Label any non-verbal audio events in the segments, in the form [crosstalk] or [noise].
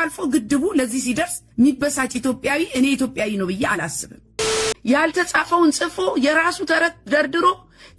አልፎ ግድቡ ለዚህ ሲደርስ የሚበሳጭ ኢትዮጵያዊ እኔ ኢትዮጵያዊ ነው ብዬ አላስብም። ያልተጻፈውን ጽፎ የራሱ ተረት ደርድሮ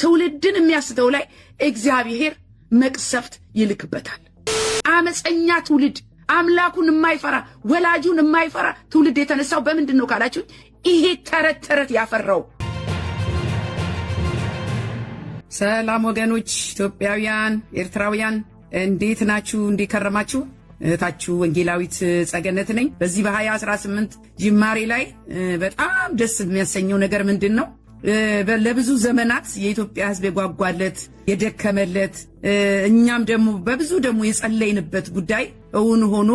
ትውልድን የሚያስተው ላይ እግዚአብሔር መቅሰፍት ይልክበታል። አመፀኛ ትውልድ፣ አምላኩን የማይፈራ ወላጁን የማይፈራ ትውልድ የተነሳው በምንድን ነው ካላችሁ ይሄ ተረት ተረት ያፈራው ሰላም ወገኖች፣ ኢትዮጵያውያን፣ ኤርትራውያን እንዴት ናችሁ? እንዲከረማችሁ እህታችሁ ወንጌላዊት ጸገነት ነኝ። በዚህ በ2018 ጅማሬ ላይ በጣም ደስ የሚያሰኘው ነገር ምንድን ነው? ለብዙ ዘመናት የኢትዮጵያ ሕዝብ የጓጓለት የደከመለት እኛም ደግሞ በብዙ ደግሞ የጸለይንበት ጉዳይ እውን ሆኖ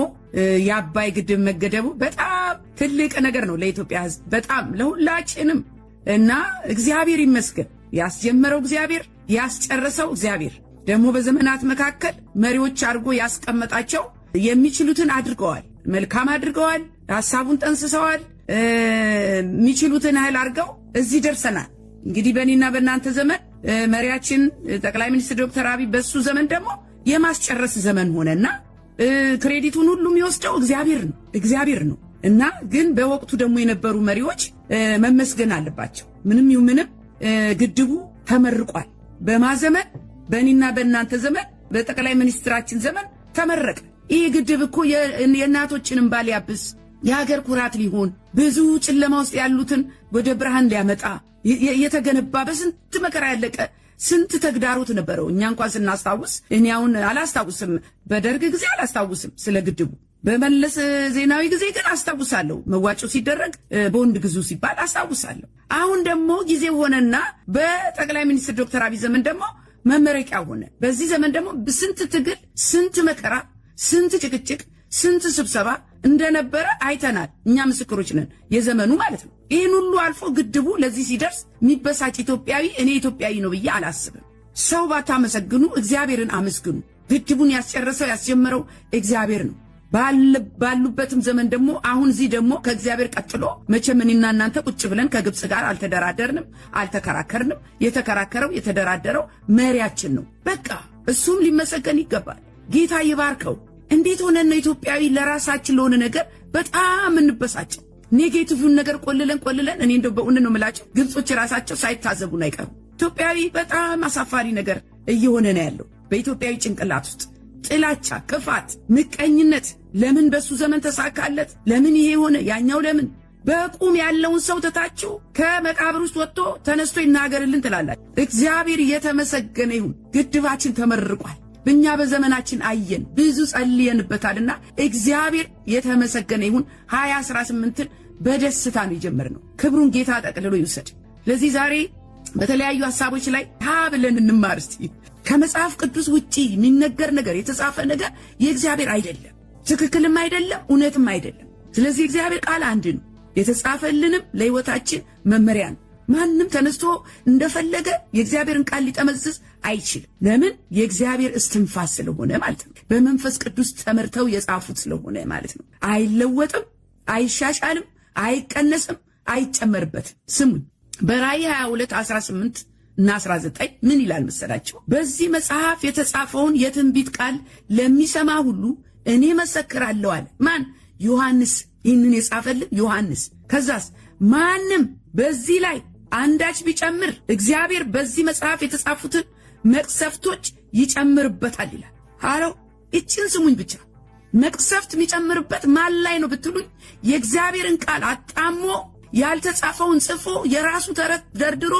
የአባይ ግድብ መገደቡ በጣም ትልቅ ነገር ነው ለኢትዮጵያ ሕዝብ በጣም ለሁላችንም እና እግዚአብሔር ይመስገን። ያስጀመረው እግዚአብሔር፣ ያስጨረሰው እግዚአብሔር ደግሞ በዘመናት መካከል መሪዎች አድርጎ ያስቀመጣቸው የሚችሉትን አድርገዋል። መልካም አድርገዋል። ሀሳቡን ጠንስሰዋል። የሚችሉትን ያህል አድርገው እዚህ ደርሰናል። እንግዲህ በእኔና በእናንተ ዘመን መሪያችን ጠቅላይ ሚኒስትር ዶክተር አብይ በሱ ዘመን ደግሞ የማስጨረስ ዘመን ሆነና ክሬዲቱን ሁሉ የሚወስደው እግዚአብሔር ነው እግዚአብሔር ነው እና ግን በወቅቱ ደግሞ የነበሩ መሪዎች መመስገን አለባቸው። ምንም ይሁን ምንም ግድቡ ተመርቋል። በማ ዘመን በእኔና በእናንተ ዘመን በጠቅላይ ሚኒስትራችን ዘመን ተመረቀ። ይህ ግድብ እኮ የእናቶችንም ባል ያብስ የሀገር ኩራት ሊሆን ብዙ ጨለማ ውስጥ ያሉትን ወደ ብርሃን ሊያመጣ የተገነባ በስንት መከራ ያለቀ ስንት ተግዳሮት ነበረው። እኛ እንኳን ስናስታውስ እኔ አሁን አላስታውስም፣ በደርግ ጊዜ አላስታውስም ስለ ግድቡ። በመለስ ዜናዊ ጊዜ ግን አስታውሳለሁ። መዋጮ ሲደረግ በወንድ ግዙ ሲባል አስታውሳለሁ። አሁን ደግሞ ጊዜ ሆነና በጠቅላይ ሚኒስትር ዶክተር አብይ ዘመን ደግሞ መመረቂያ ሆነ። በዚህ ዘመን ደግሞ ስንት ትግል ስንት መከራ ስንት ጭቅጭቅ፣ ስንት ስብሰባ እንደነበረ አይተናል። እኛ ምስክሮች ነን፣ የዘመኑ ማለት ነው። ይህን ሁሉ አልፎ ግድቡ ለዚህ ሲደርስ የሚበሳጭ ኢትዮጵያዊ እኔ ኢትዮጵያዊ ነው ብዬ አላስብም። ሰው ባታመሰግኑ እግዚአብሔርን አመስግኑ። ግድቡን ያስጨረሰው ያስጀመረው እግዚአብሔር ነው። ባሉበትም ዘመን ደግሞ አሁን እዚህ ደግሞ ከእግዚአብሔር ቀጥሎ መቼም እኔና እናንተ ቁጭ ብለን ከግብፅ ጋር አልተደራደርንም፣ አልተከራከርንም። የተከራከረው የተደራደረው መሪያችን ነው። በቃ እሱም ሊመሰገን ይገባል። ጌታ ይባርከው። እንዴት ሆነን ነው ኢትዮጵያዊ ለራሳችን ለሆነ ነገር በጣም እንበሳጭ? ኔጌቲቭን ነገር ቆልለን ቆልለን እኔ እንደው በእውነት ነው የምላቸው ግብጾች ራሳቸው ነው አይቀሩ። ኢትዮጵያዊ በጣም አሳፋሪ ነገር እየሆነ ነው ያለው በኢትዮጵያዊ ጭንቅላት ውስጥ ጥላቻ፣ ክፋት፣ ምቀኝነት። ለምን በሱ ዘመን ተሳካለት? ለምን ይሄ ሆነ? ያኛው ለምን? በቁም ያለውን ሰው ትታችሁ ከመቃብር ውስጥ ወጥቶ ተነስቶ ይናገርልን ትላላችሁ። እግዚአብሔር እየተመሰገነ ይሁን፣ ግድባችን ተመርቋል። በእኛ በዘመናችን አየን ብዙ ጸልየንበታልና እግዚአብሔር የተመሰገነ ይሁን። ስምንትን በደስታ ነው የጀመርነው። ክብሩን ጌታ ጠቅልሎ ይውሰድ። ለዚህ ዛሬ በተለያዩ ሀሳቦች ላይ ሀ ብለን እንማር እስቲ። ከመጽሐፍ ቅዱስ ውጪ የሚነገር ነገር የተጻፈ ነገር የእግዚአብሔር አይደለም፣ ትክክልም አይደለም፣ እውነትም አይደለም። ስለዚህ እግዚአብሔር ቃል አንድ ነው፣ የተጻፈልንም ለሕይወታችን መመሪያ ነው። ማንም ተነስቶ እንደፈለገ የእግዚአብሔርን ቃል ሊጠመዝዝ አይችልም። ለምን? የእግዚአብሔር እስትንፋስ ስለሆነ ማለት ነው። በመንፈስ ቅዱስ ተመርተው የጻፉት ስለሆነ ማለት ነው። አይለወጥም፣ አይሻሻልም፣ አይቀነስም፣ አይጨመርበትም። ስሙ በራእይ 22 18 እና 19 ምን ይላል መሰላቸው? በዚህ መጽሐፍ የተጻፈውን የትንቢት ቃል ለሚሰማ ሁሉ እኔ መሰክራለሁ አለ። ማን? ዮሐንስ። ይህንን የጻፈልን ዮሐንስ። ከዛስ ማንም በዚህ ላይ አንዳች ቢጨምር እግዚአብሔር በዚህ መጽሐፍ የተጻፉትን መቅሰፍቶች ይጨምርበታል ይላል። አለው እችን ስሙኝ ብቻ መቅሰፍት የሚጨምርበት ማን ላይ ነው ብትሉኝ የእግዚአብሔርን ቃል አጣሞ ያልተጻፈውን ጽፎ የራሱ ተረት ደርድሮ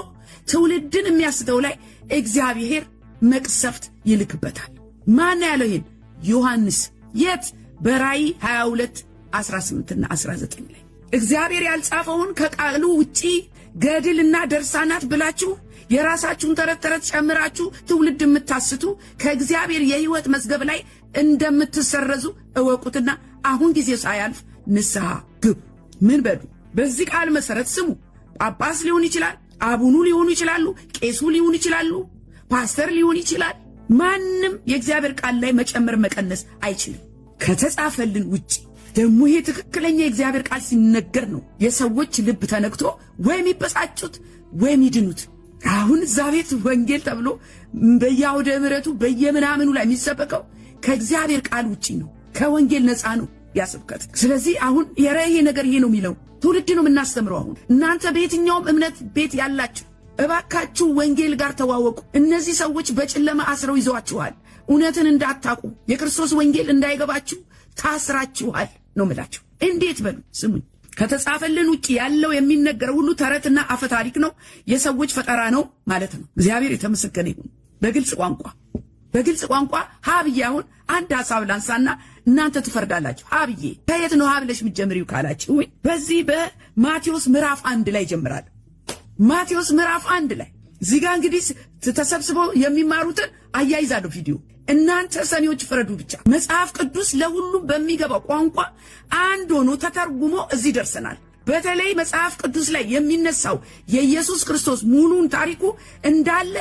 ትውልድን የሚያስተው ላይ እግዚአብሔር መቅሰፍት ይልክበታል። ማን ያለው ይህን? ዮሐንስ የት? በራእይ 22 18ና 19 ላይ እግዚአብሔር ያልጻፈውን ከቃሉ ውጪ ገድልና ደርሳናት ብላችሁ የራሳችሁን ተረት ተረት ጨምራችሁ ትውልድ የምታስቱ ከእግዚአብሔር የሕይወት መዝገብ ላይ እንደምትሰረዙ እወቁትና አሁን ጊዜ ሳያልፍ ንስሐ ግቡ። ምን በሉ? በዚህ ቃል መሰረት ስሙ። ጳጳስ ሊሆን ይችላል፣ አቡኑ ሊሆኑ ይችላሉ፣ ቄሱ ሊሆኑ ይችላሉ፣ ፓስተር ሊሆን ይችላል። ማንም የእግዚአብሔር ቃል ላይ መጨመር መቀነስ አይችልም ከተጻፈልን ውጭ ደግሞ ይሄ ትክክለኛ የእግዚአብሔር ቃል ሲነገር ነው የሰዎች ልብ ተነክቶ ወይም ይበሳጩት ወይም ይድኑት አሁን እዛ ቤት ወንጌል ተብሎ በየአውደ ምረቱ በየምናምኑ ላይ የሚሰበከው ከእግዚአብሔር ቃል ውጪ ነው። ከወንጌል ነፃ ነው ያስብከት። ስለዚህ አሁን የራእይ ነገር ይሄ ነው የሚለው ትውልድ ነው የምናስተምረው። አሁን እናንተ በየትኛውም እምነት ቤት ያላችሁ እባካችሁ ወንጌል ጋር ተዋወቁ። እነዚህ ሰዎች በጨለማ አስረው ይዘዋችኋል። እውነትን እንዳታቁ የክርስቶስ ወንጌል እንዳይገባችሁ ታስራችኋል። ነው ምላቸው። እንዴት በሉ ስሙኝ። ከተጻፈልን ውጭ ያለው የሚነገረው ሁሉ ተረትና አፈ ታሪክ ነው፣ የሰዎች ፈጠራ ነው ማለት ነው። እግዚአብሔር የተመሰገነ ይሁን። በግልጽ ቋንቋ በግልጽ ቋንቋ ሀብዬ፣ አሁን አንድ ሀሳብ ላንሳና እናንተ ትፈርዳላችሁ። ሀብዬ ከየት ነው ሀብለሽ የምትጀምሪው ካላችሁ በዚህ በማቴዎስ ምዕራፍ አንድ ላይ ጀምራል ማቴዎስ ምዕራፍ አንድ ላይ እዚህ እንግዲህ ተሰብስበው የሚማሩትን አያይዛለሁ ቪዲዮ እናንተ ሰሚዎች ፍረዱ ብቻ። መጽሐፍ ቅዱስ ለሁሉም በሚገባው ቋንቋ አንድ ሆኖ ተተርጉሞ እዚህ ደርሰናል። በተለይ መጽሐፍ ቅዱስ ላይ የሚነሳው የኢየሱስ ክርስቶስ ሙሉን ታሪኩ እንዳለ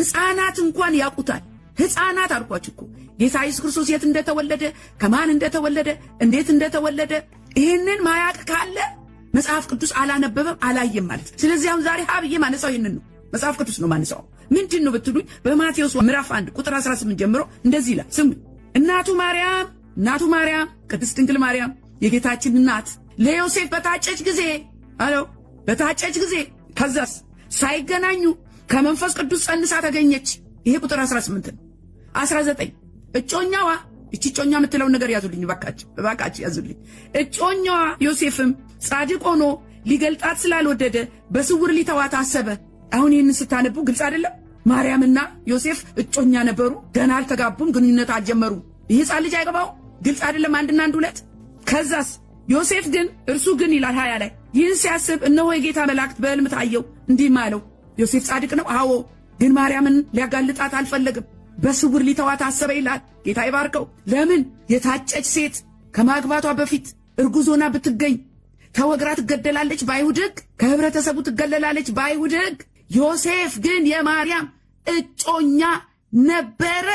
ሕፃናት እንኳን ያውቁታል። ሕፃናት አልኳችሁ እኮ ጌታ ኢየሱስ ክርስቶስ የት እንደተወለደ፣ ከማን እንደተወለደ፣ እንዴት እንደተወለደ ይህንን ማያቅ ካለ መጽሐፍ ቅዱስ አላነበበም አላየም ማለት። ስለዚህ አሁን ዛሬ ሀብዬ ማነሳው ይህንን ነው። መጽሐፍ ቅዱስ ነው ማንሳው። ምንድን ነው ብትሉኝ በማቴዎስ ምዕራፍ 1 ቁጥር 18 ጀምሮ እንደዚህ ይላል። ስሙ እናቱ ማርያም እናቱ ማርያም ቅድስት ድንግል ማርያም የጌታችን እናት ለዮሴፍ በታጨች ጊዜ አሎ በታጨች ጊዜ ከዛስ ሳይገናኙ ከመንፈስ ቅዱስ ጸንሳ ተገኘች። ይሄ ቁጥር 18 ነው። 19 እጮኛዋ እቺ እጮኛ የምትለውን ነገር ያዙልኝ እባካችሁ ያዙልኝ። እጮኛዋ ዮሴፍም ጻድቅ ሆኖ ሊገልጣት ስላልወደደ በስውር ሊተዋት አሰበ። አሁን ይህንን ስታነቡ ግልጽ አይደለም? ማርያምና ዮሴፍ እጮኛ ነበሩ፣ ገና አልተጋቡም፣ ግንኙነት አልጀመሩ። ይህ ሕፃን ልጅ አይገባው? ግልጽ አይደለም? አንድና አንድ ሁለት። ከዛስ ዮሴፍ ግን እርሱ ግን ይላል ሀያ ላይ ይህን ሲያስብ እነሆ የጌታ መላእክት በእልም ታየው፣ እንዲህም አለው። ዮሴፍ ጻድቅ ነው፣ አዎ፣ ግን ማርያምን ሊያጋልጣት አልፈለግም፣ በስውር ሊተዋት አሰበ ይላል። ጌታ ይባርከው። ለምን የታጨች ሴት ከማግባቷ በፊት እርጉዞና ብትገኝ ተወግራ ትገደላለች በአይሁድ ህግ ከህብረተሰቡ ትገለላለች በአይሁድ ህግ ዮሴፍ ግን የማርያም እጮኛ ነበረ።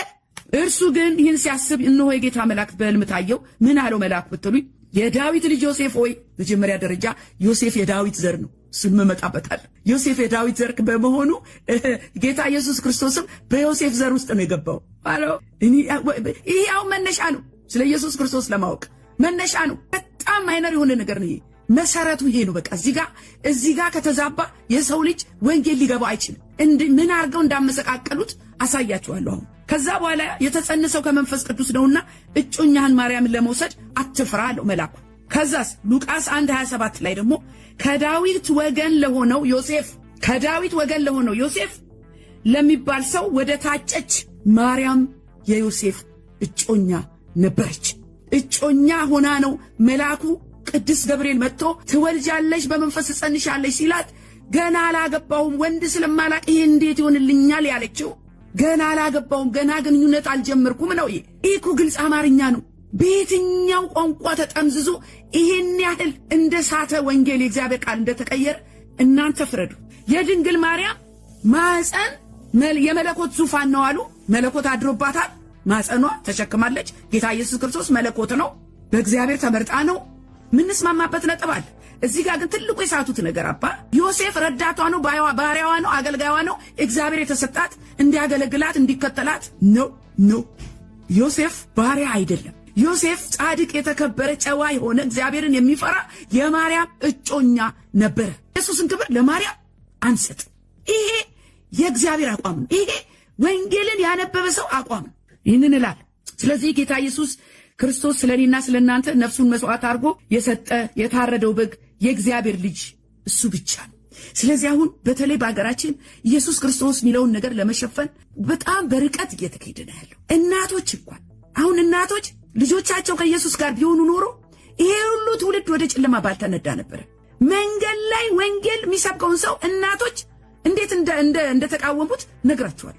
እርሱ ግን ይህን ሲያስብ እነሆ የጌታ መልአክ በሕልም ታየው። ምን አለው መልአክ ብትሉኝ፣ የዳዊት ልጅ ዮሴፍ ሆይ። መጀመሪያ ደረጃ ዮሴፍ የዳዊት ዘር ነው። እሱን መመጣበታል። ዮሴፍ የዳዊት ዘር በመሆኑ [laughs] ጌታ ኢየሱስ ክርስቶስም በዮሴፍ ዘር ውስጥ ነው የገባው አለው። ይህ ያው መነሻ ነው፣ ስለ ኢየሱስ ክርስቶስ ለማወቅ መነሻ ነው። በጣም ማይነር የሆነ ነገር ነው ይሄ መሰረቱ ይሄ ነው። በቃ እዚህ ጋር እዚህ ጋር ከተዛባ የሰው ልጅ ወንጌል ሊገባ አይችልም። ምን አድርገው እንዳመሰቃቀሉት አሳያችኋለሁ። አሁን ከዛ በኋላ የተጸነሰው ከመንፈስ ቅዱስ ነውና እጮኛህን ማርያምን ለመውሰድ አትፍራ አለው መላኩ። ከዛስ ሉቃስ 1 27 ላይ ደግሞ ከዳዊት ወገን ለሆነው ዮሴፍ ከዳዊት ወገን ለሆነው ዮሴፍ ለሚባል ሰው ወደ ታጨች ማርያም የዮሴፍ እጮኛ ነበረች። እጮኛ ሆና ነው መልአኩ ቅዱስ ገብርኤል መጥቶ ትወልጃለሽ፣ በመንፈስ ትጸንሻለሽ ሲላት ገና አላገባሁም፣ ወንድ ስለማላቅ ይሄ እንዴት ይሆንልኛል ያለችው። ገና አላገባሁም፣ ገና ግንኙነት አልጀመርኩም ነው። ይህ ኢኩ ግልጽ አማርኛ ነው። በየትኛው ቋንቋ ተጠምዝዞ ይህን ያህል እንደ ሳተ ወንጌል የእግዚአብሔር ቃል እንደተቀየረ እናንተ ፍረዱ። የድንግል ማርያም ማፀን የመለኮት ዙፋን ነው አሉ። መለኮት አድሮባታል። ማፀኗ ተሸክማለች። ጌታ ኢየሱስ ክርስቶስ መለኮት ነው። በእግዚአብሔር ተመርጣ ነው። ምንስማማበት ነጥብ አለ። እዚህ ጋር ግን ትልቁ የሳቱት ነገር አባ ዮሴፍ ረዳቷ ነው፣ ባሪያዋ ነው፣ አገልጋይዋ ነው። እግዚአብሔር የተሰጣት እንዲያገለግላት እንዲከተላት ነው ነው። ዮሴፍ ባሪያ አይደለም። ዮሴፍ ጻድቅ፣ የተከበረ፣ ጨዋ የሆነ እግዚአብሔርን የሚፈራ የማርያም እጮኛ ነበረ። ኢየሱስን ክብር ለማርያም አንሰጥ። ይሄ የእግዚአብሔር አቋም ነው። ይሄ ወንጌልን ያነበበ ሰው አቋም ነው። ይህንን እላለሁ። ስለዚህ ጌታ ኢየሱስ ክርስቶስ ስለ እኔና ስለ እናንተ ነፍሱን መስዋዕት አድርጎ የሰጠ የታረደው በግ የእግዚአብሔር ልጅ እሱ ብቻ ነው። ስለዚህ አሁን በተለይ በሀገራችን ኢየሱስ ክርስቶስ የሚለውን ነገር ለመሸፈን በጣም በርቀት እየተካሄደ ነው ያለው። እናቶች እንኳን አሁን እናቶች ልጆቻቸው ከኢየሱስ ጋር ቢሆኑ ኖሮ ይሄ ሁሉ ትውልድ ወደ ጨለማ ባልተነዳ ነበረ። መንገድ ላይ ወንጌል የሚሰብከውን ሰው እናቶች እንዴት እንደተቃወሙት ነግራቸዋል።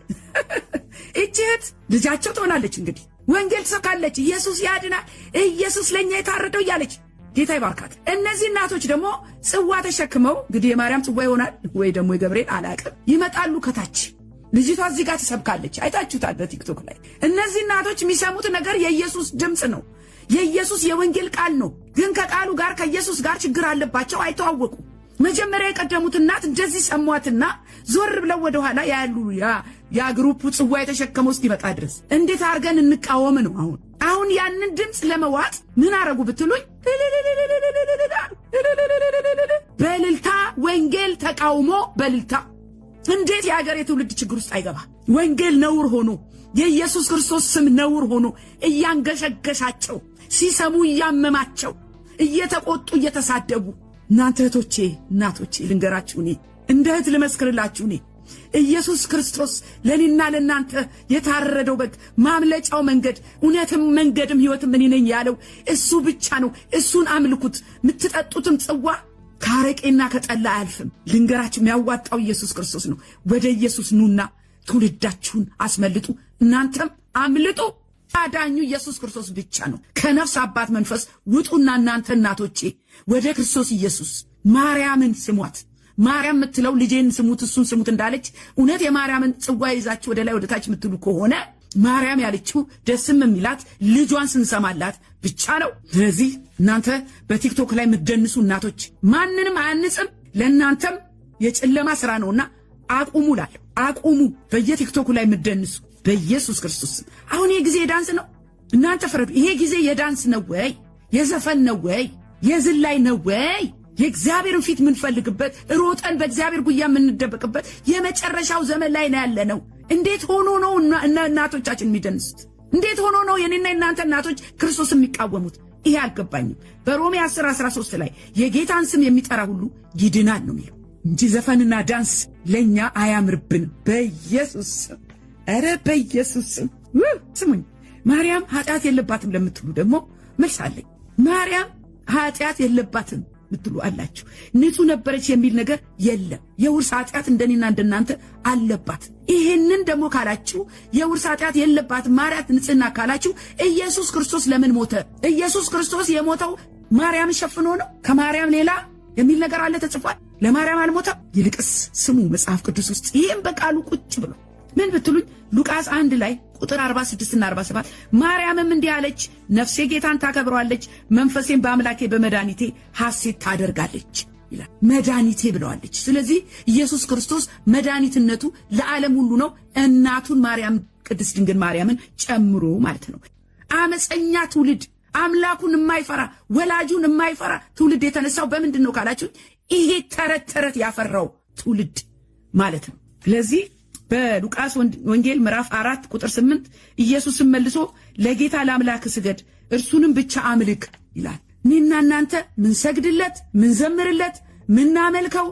[laughs] እጅህት ልጃቸው ትሆናለች እንግዲህ ወንጌል ትሰብካለች። ኢየሱስ ያድናል፣ ኢየሱስ ለእኛ የታረደው እያለች ጌታ ይባርካት። እነዚህ እናቶች ደግሞ ጽዋ ተሸክመው እንግዲህ የማርያም ጽዋ ይሆናል ወይ ደግሞ የገብርኤል አላቅም፣ ይመጣሉ ከታች ልጅቷ እዚህ ጋር ትሰብካለች። አይታችሁታል በቲክቶክ ላይ። እነዚህ እናቶች የሚሰሙት ነገር የኢየሱስ ድምፅ ነው፣ የኢየሱስ የወንጌል ቃል ነው። ግን ከቃሉ ጋር ከኢየሱስ ጋር ችግር አለባቸው፣ አይተዋወቁ። መጀመሪያ የቀደሙት እናት እንደዚህ ሰሟትና ዞር ብለው ወደኋላ ያሉ ያ የግሩፑ ጽዋ የተሸከመው እስኪበቃ ድረስ እንዴት አድርገን እንቃወም ነው። አሁን አሁን ያንን ድምፅ ለመዋጥ ምን አረጉ ብትሉኝ በልልታ ወንጌል ተቃውሞ በልልታ እንዴት የሀገር የትውልድ ችግር ውስጥ አይገባ? ወንጌል ነውር ሆኖ የኢየሱስ ክርስቶስ ስም ነውር ሆኖ እያንገሸገሻቸው ሲሰሙ እያመማቸው እየተቆጡ እየተሳደቡ እናንተ እህቶቼ፣ እናቶቼ ልንገራችሁ እኔ እንደ እህት ልመስክርላችሁ እኔ ኢየሱስ ክርስቶስ ለእኔና ለእናንተ የታረደው በግ ማምለጫው መንገድ እውነትም መንገድም ሕይወትም እኔ ነኝ ያለው እሱ ብቻ ነው። እሱን አምልኩት። የምትጠጡትም ጽዋ ከአረቄና ከጠላ አያልፍም። ልንገራችሁ፣ የሚያዋጣው ኢየሱስ ክርስቶስ ነው። ወደ ኢየሱስ ኑና ትውልዳችሁን አስመልጡ፣ እናንተም አምልጡ። አዳኙ ኢየሱስ ክርስቶስ ብቻ ነው። ከነፍስ አባት መንፈስ ውጡና እናንተ እናቶቼ ወደ ክርስቶስ ኢየሱስ ማርያምን ስሟት። ማርያም የምትለው ልጄን ስሙት እሱን ስሙት እንዳለች እውነት የማርያምን ጽዋ ይዛችሁ ወደ ላይ ወደታች የምትሉ ከሆነ ማርያም ያለችው ደስም የሚላት ልጇን ስንሰማላት ብቻ ነው። ስለዚህ እናንተ በቲክቶክ ላይ የምትደንሱ እናቶች ማንንም አያንጽም፣ ለእናንተም የጨለማ ስራ ነውና አቁሙ ላለሁ አቁሙ። በየቲክቶኩ ላይ የምትደንሱ በኢየሱስ ክርስቶስ አሁን ይሄ ጊዜ የዳንስ ነው። እናንተ ፍረዱ። ይሄ ጊዜ የዳንስ ነው ወይ? የዘፈን ነው ወይ? የዝላይ ነው ወይ? የእግዚአብሔርን ፊት የምንፈልግበት ሮጠን በእግዚአብሔር ጉያ የምንደበቅበት የመጨረሻው ዘመን ላይ ነው ያለ ነው። እንዴት ሆኖ ነው እናቶቻችን የሚደንሱት? እንዴት ሆኖ ነው የኔና የእናንተ እናቶች ክርስቶስ የሚቃወሙት? ይሄ አልገባኝም። በሮሜ 10 13 ላይ የጌታን ስም የሚጠራ ሁሉ ይድናል ነው የሚለው እንጂ ዘፈንና ዳንስ ለእኛ አያምርብን። በኢየሱስ ስም፣ ኧረ በኢየሱስ ስም ስሙኝ። ማርያም ኃጢአት የለባትም ለምትሉ ደግሞ መልስ አለኝ። ማርያም ኃጢአት የለባትም ምትሉ አላችሁ። ንጹህ ነበረች የሚል ነገር የለም። የውርስ ኃጢአት እንደኔና እንደናንተ አለባት። ይህንን ደግሞ ካላችሁ የውርስ ኃጢአት የለባት ማርያት ንጽህና ካላችሁ ኢየሱስ ክርስቶስ ለምን ሞተ? ኢየሱስ ክርስቶስ የሞተው ማርያም ሸፍኖ ነው? ከማርያም ሌላ የሚል ነገር አለ ተጽፏል? ለማርያም አልሞተም። ይልቅስ ስሙ መጽሐፍ ቅዱስ ውስጥ ይህም በቃሉ ቁጭ ብሎ ምን ብትሉኝ ሉቃስ አንድ ላይ ቁጥር 46 እና 47 ማርያምም እንዲህ አለች፣ ነፍሴ ጌታን ታከብረዋለች፣ መንፈሴን በአምላኬ በመድኃኒቴ ሐሴት ታደርጋለች ይላል። መድኃኒቴ ብለዋለች። ስለዚህ ኢየሱስ ክርስቶስ መድኃኒትነቱ ለዓለም ሁሉ ነው። እናቱን ማርያም ቅድስት ድንግል ማርያምን ጨምሮ ማለት ነው። አመፀኛ ትውልድ አምላኩን የማይፈራ ወላጁን የማይፈራ ትውልድ የተነሳው በምንድን ነው ካላችሁ፣ ይሄ ተረት ተረት ያፈራው ትውልድ ማለት ነው። ስለዚህ በሉቃስ ወንጌል ምዕራፍ አራት ቁጥር ስምንት ኢየሱስን መልሶ ለጌታ ለአምላክ ስገድ እርሱንም ብቻ አምልክ ይላል። እኔና እናንተ ምንሰግድለት፣ ምንዘምርለት፣ ምናመልከው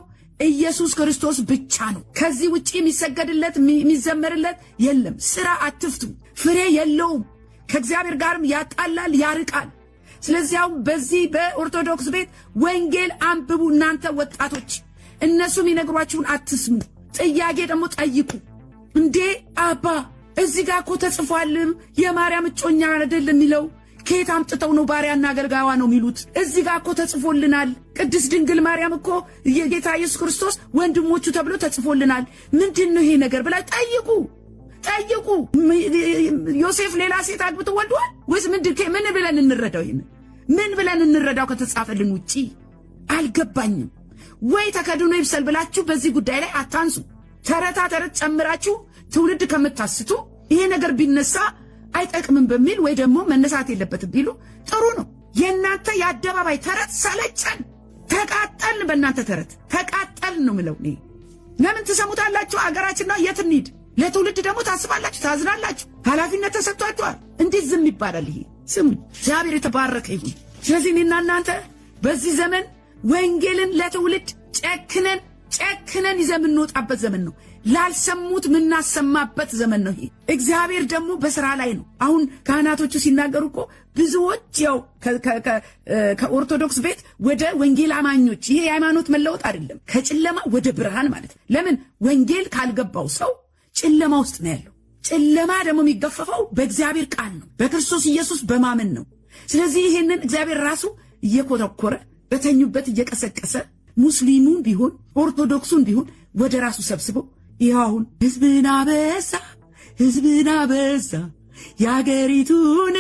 ኢየሱስ ክርስቶስ ብቻ ነው። ከዚህ ውጭ የሚሰገድለት የሚዘመርለት የለም። ስራ አትፍቱ፣ ፍሬ የለውም። ከእግዚአብሔር ጋርም ያጣላል፣ ያርቃል። ስለዚያው በዚህ በኦርቶዶክስ ቤት ወንጌል አንብቡ እናንተ ወጣቶች፣ እነሱም የነግሯችሁን አትስሙ። ጥያቄ ደግሞ ጠይቁ። እንዴ አባ እዚህ ጋር እኮ ተጽፏልም የማርያም እጮኛ አይደል የሚለው ከየት አምጥተው ነው ባሪያና አገልጋዋ ነው የሚሉት? እዚህ ጋር እኮ ተጽፎልናል። ቅድስት ድንግል ማርያም እኮ የጌታ ኢየሱስ ክርስቶስ ወንድሞቹ ተብሎ ተጽፎልናል። ምንድን ነው ይሄ ነገር ብላ ጠይቁ ጠይቁ። ዮሴፍ ሌላ ሴት አግብቶ ወልዷል ወይስ ምን ብለን እንረዳው? ይህን ምን ብለን እንረዳው? ከተጻፈልን ውጪ አልገባኝም። ወይ ተከድኖ ይብሰል ብላችሁ በዚህ ጉዳይ ላይ አታንሱ። ተረታ ተረት ጨምራችሁ ትውልድ ከምታስቱ ይሄ ነገር ቢነሳ አይጠቅምም በሚል ወይ ደግሞ መነሳት የለበትም ቢሉ ጥሩ ነው። የእናንተ የአደባባይ ተረት ሰለጨን፣ ተቃጠልን፣ በእናንተ ተረት ተቃጠልን ነው ምለው። ለምን ትሰሙታላችሁ? አገራችን ነው፣ የት እንሂድ? ለትውልድ ደግሞ ታስባላችሁ፣ ታዝናላችሁ፣ ኃላፊነት ተሰጥቷችኋል። እንዴት ዝም ይባላል? ይሄ ስሙ፣ እግዚአብሔር የተባረከ ይሁን። ስለዚህ እኔና እናንተ በዚህ ዘመን ወንጌልን ለትውልድ ጨክነን ጨክነን ይዘን የምንወጣበት ዘመን ነው። ላልሰሙት የምናሰማበት ዘመን ነው ይሄ። እግዚአብሔር ደግሞ በስራ ላይ ነው። አሁን ካህናቶቹ ሲናገሩ እኮ ብዙዎች ያው ከኦርቶዶክስ ቤት ወደ ወንጌል አማኞች፣ ይሄ የሃይማኖት መለወጥ አይደለም፣ ከጨለማ ወደ ብርሃን ማለት ለምን? ወንጌል ካልገባው ሰው ጨለማ ውስጥ ነው ያለው። ጨለማ ደግሞ የሚገፈፈው በእግዚአብሔር ቃል ነው፣ በክርስቶስ ኢየሱስ በማመን ነው። ስለዚህ ይህንን እግዚአብሔር ራሱ እየኮተኮረ በተኙበት እየቀሰቀሰ ሙስሊሙን ቢሆን ኦርቶዶክሱን ቢሆን ወደ ራሱ ሰብስበው ይኸውን ህዝብን አበዛ ህዝብን አበዛ የአገሪቱን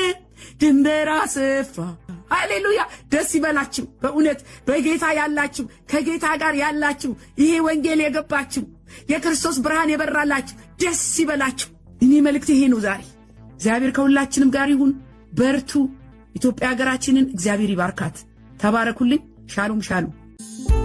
ድንበር አሰፋ። ሃሌሉያ! ደስ ይበላችሁ። በእውነት በጌታ ያላችሁ ከጌታ ጋር ያላችሁ ይሄ ወንጌል የገባችሁ የክርስቶስ ብርሃን የበራላችሁ ደስ ይበላችሁ። እኔ መልእክት ይሄ ነው ዛሬ። እግዚአብሔር ከሁላችንም ጋር ይሁን። በርቱ። ኢትዮጵያ ሀገራችንን እግዚአብሔር ይባርካት። ተባረኩልኝ። ሻሎም ሻሎም።